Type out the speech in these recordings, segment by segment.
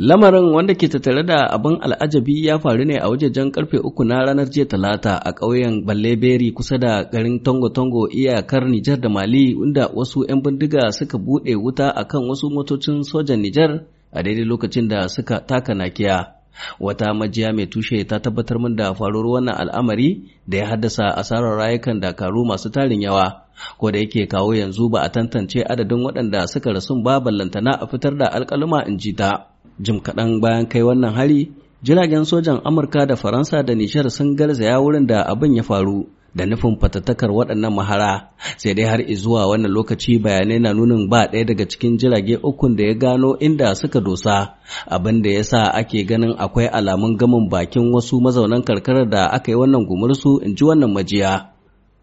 Lamarin wanda ke tattare da abin al'ajabi ya faru ne a wajejen karfe uku na ranar jiya talata a ƙauyen Balleberi kusa da garin Tongo-Tongo iyakar Nijar da Mali inda wasu 'yan bindiga suka buɗe wuta a kan wasu motocin sojan Nijar a daidai lokacin da suka taka nakiya. Wata majiya mai tushe ta tabbatar min da faruwar wannan al'amari da ya haddasa asarar rayukan dakaru masu tarin yawa. Ko da yake kawo yanzu ba a tantance adadin waɗanda suka rasu ba ballantana a fitar da alƙaluma in ji ta. jim kaɗan bayan kai wannan hari jiragen sojan amurka da faransa da nishar sun garzaya wurin da abin ya faru da nufin fatattakar waɗannan mahara sai dai har zuwa wannan lokaci bayanai na nunin ba ɗaya daga cikin jirage ukun da ya gano inda suka dosa abin da ya sa ake ganin akwai alamun gamin bakin wasu mazaunan karkarar da aka yi wannan gumursu in ji wannan majiya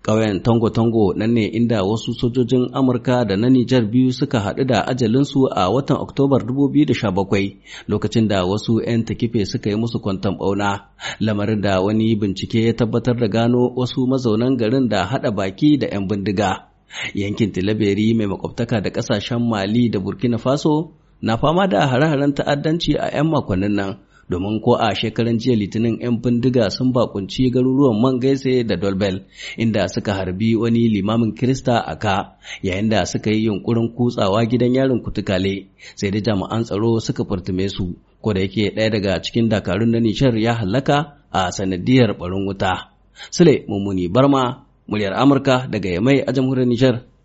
Ƙauyen Tango-Tango nan ne inda wasu sojojin Amurka da na Nijar biyu suka haɗu da ajalinsu a watan Oktobar 2017 lokacin da wasu 'yan takife suka yi musu kwanton ɓauna, lamarin da wani bincike ya tabbatar da gano wasu mazaunan garin da haɗa baki da 'yan bindiga. Yankin Tilaberi mai makwabtaka da ƙasashen Mali da Burkina Faso na fama da hare-haren ta'addanci a 'yan makonnin nan domin ko a shekaran jiya litinin 'yan bindiga sun bakunci garuruwan gaise da dolbel inda suka harbi wani limamin kirista a ka yayin da suka yi yunkurin kutsawa gidan yarin kutukale sai da jami'an tsaro suka furtume su ko da yake ɗaya daga cikin dakarun na nishar ya hallaka a sanadiyar barin wuta sule mummuni barma muryar amurka daga yamai a jamhuriyar nishar